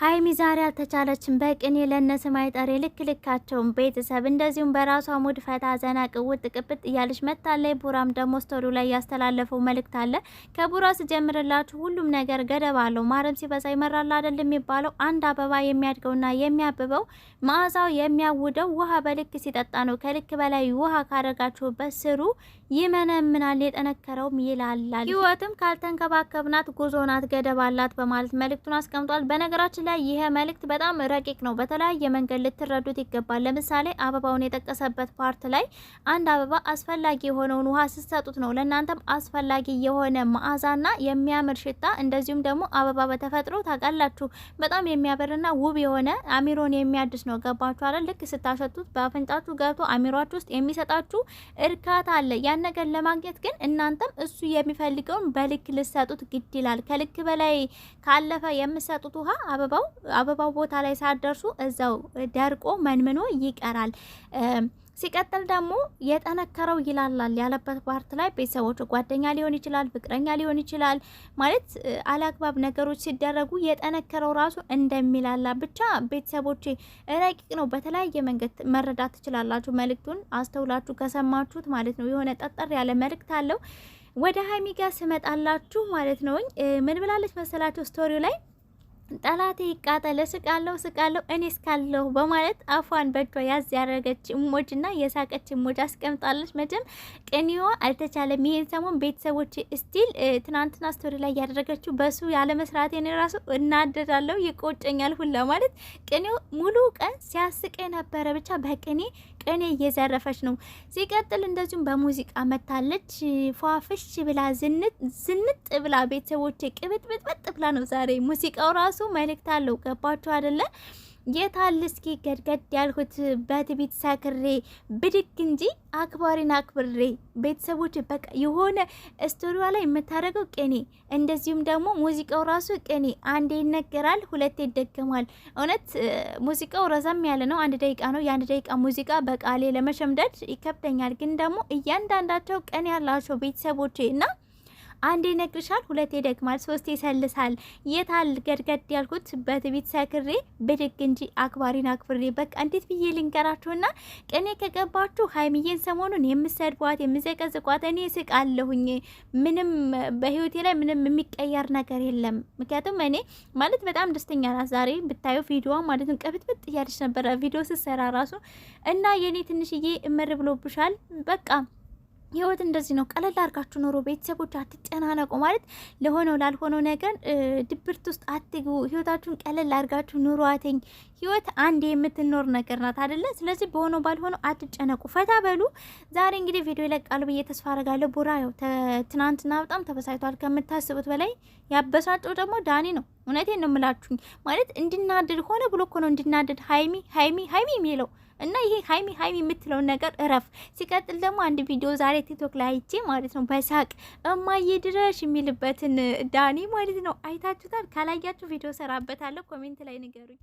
ሀይሚ ዛሬ አልተቻለችም። በቅኔ ለእነ ማይጠር አይጠሬ ልክ ልካቸውን ቤተሰብ እንደዚሁም በራሷ ሙድ ፈታ ዘና ቅውጥ ጥቅብጥ እያለች መታለይ። ቡራም ደግሞ ስቶሪው ላይ ያስተላለፈው መልእክት አለ። ከቡራ ስጀምርላችሁ ሁሉም ነገር ገደብ አለው። ማረም ሲበዛ ይመራል አይደል የሚባለው። አንድ አበባ የሚያድገውና የሚያብበው መዓዛው የሚያውደው ውሃ በልክ ሲጠጣ ነው። ከልክ በላይ ውሃ ካደረጋችሁበት ስሩ ይመነምናል፣ የጠነከረውም ይላላል። ህይወትም ካልተንከባከብናት ጉዞናት ናት፣ ገደብ አላት በማለት መልእክቱን አስቀምጧል። በነገራችን ላይ ይሄ መልእክት በጣም ረቂቅ ነው። በተለያየ መንገድ ልትረዱት ይገባል። ለምሳሌ አበባውን የጠቀሰበት ፓርት ላይ አንድ አበባ አስፈላጊ የሆነውን ውሃ ስትሰጡት ነው ለእናንተም አስፈላጊ የሆነ መዓዛና የሚያምር ሽታ፣ እንደዚሁም ደግሞ አበባ በተፈጥሮ ታውቃላችሁ በጣም የሚያበርና ውብ የሆነ አሚሮን የሚያድስ ነው። ገባችሁ አለ ልክ ስታሸቱት በአፍንጫችሁ ገብቶ አሚሯችሁ ውስጥ የሚሰጣችሁ እርካታ አለ። ያን ነገር ለማግኘት ግን እናንተም እሱ የሚፈልገውን በልክ ልሰጡት ግድ ይላል። ከልክ በላይ ካለፈ የምሰጡት ውሃ አበባ አበባው አበባው ቦታ ላይ ሳደርሱ እዛው ደርቆ መንምኖ ይቀራል። ሲቀጥል ደግሞ የጠነከረው ይላላል ያለበት ፓርት ላይ ቤተሰቦች፣ ጓደኛ ሊሆን ይችላል፣ ፍቅረኛ ሊሆን ይችላል። ማለት አላግባብ ነገሮች ሲደረጉ የጠነከረው ራሱ እንደሚላላ ብቻ ቤተሰቦች፣ ረቂቅ ነው። በተለያየ መንገድ መረዳት ትችላላችሁ። መልእክቱን አስተውላችሁ ከሰማችሁት ማለት ነው። የሆነ ጠጠር ያለ መልእክት አለው። ወደ ሀይሚ ጋር ስመጣላችሁ ማለት ነው ምን ብላለች መሰላችሁ ስቶሪው ላይ ጠላቴ ይቃጠለ ስቃለሁ ስቃለሁ እኔ እስካለሁ በማለት አፏን በእጇ ያዝ ያደረገች እሞጅ እና የሳቀች እሞጅ አስቀምጣለች። መቼም ቅኔዋ አልተቻለም። ይህን ሰሞን ቤተሰቦች ስቲል ትናንትና ስቶሪ ላይ ያደረገችው በሱ ያለመስራቴን ራሱ እናደዳለሁ፣ ይቆጨኛል ሁላ ማለት ቅኔው ሙሉ ቀን ሲያስቀ ነበረ። ብቻ በቅኔ ቅኔ እየዘረፈች ነው። ሲቀጥል እንደዚሁም በሙዚቃ መታለች። ፏፍሽ ብላ ዝንጥ ብላ ቤተሰቦች ቅብጥብጥበጥ ብላ ነው ዛሬ ሙዚቃው ራሱ ራሱ መልእክት አለው። ገባችሁ አይደለ? የታል እስኪ ገድገድ ያልኩት በትቢት ሳክሬ ብድግ እንጂ አክባሪን አክብሬ። ቤተሰቦች በቃ የሆነ ስቶሪዋ ላይ የምታደርገው ቅኔ፣ እንደዚሁም ደግሞ ሙዚቃው ራሱ ቅኔ። አንዴ ይነገራል፣ ሁለቴ ይደገማል። እውነት ሙዚቃው ረዘም ያለ ነው፣ አንድ ደቂቃ ነው። የአንድ ደቂቃ ሙዚቃ በቃሌ ለመሸምደድ ይከብደኛል፣ ግን ደግሞ እያንዳንዳቸው ቅኔ ያላቸው ቤተሰቦቼ እና አንዴ ይነግርሻል፣ ሁለቴ ይደግማል፣ ሶስቴ ይሰልሳል። የታል ገድገድ ያልኩት በትቢት ሰክሬ ብድግ እንጂ አክባሪን አክብሬ። በቃ እንዴት ብዬ ልንገራችሁና ቅኔ ከገባችሁ ሀይሚዬን ሰሞኑን የምሰድቧት የምዘቀዝቋት እኔ ስቃለሁኝ። ምንም በህይወቴ ላይ ምንም የሚቀየር ነገር የለም። ምክንያቱም እኔ ማለት በጣም ደስተኛ ናት። ዛሬ ብታዩ ቪዲዮ ማለት ነው ቅብጥብጥ እያለች ነበረ ቪዲዮ ስሰራ ራሱ እና የኔ ትንሽዬ እመር ብሎብሻል በቃ ህይወት እንደዚህ ነው። ቀለል አድርጋችሁ ኑሮ ቤተሰቦች፣ አትጨናነቁ ማለት ለሆነው ላልሆነው ነገር ድብርት ውስጥ አትግቡ። ህይወታችሁን ቀለል አድርጋችሁ ኑሮ አተኝ። ህይወት አንድ የምትኖር ነገር ናት አደለ? ስለዚህ በሆነው ባልሆነው አትጨነቁ፣ ፈታ በሉ። ዛሬ እንግዲህ ቪዲዮ ይለቃሉ ብዬ ተስፋ አረጋለሁ። ቡራ ያው ትናንትና በጣም ተበሳጭቷል ከምታስቡት በላይ። ያበሳጨው ደግሞ ዳኒ ነው። እውነቴን ነው የምላችሁኝ። ማለት እንድናደድ ሆነ ብሎ እኮ ነው እንድናደድ ሀይሚ ሀይሚ ሀይሚ የሚለው እና ይሄ ሀይሚ ሀይሚ የምትለውን ነገር እረፍ። ሲቀጥል ደግሞ አንድ ቪዲዮ ዛሬ ቲክቶክ ላይ አይቼ ማለት ነው በሳቅ እማዬ ድረሽ የሚልበትን ዳኒ ማለት ነው አይታችሁታል? ካላያችሁ ቪዲዮ ሰራበታለሁ። ኮሜንት ላይ ንገሩኝ።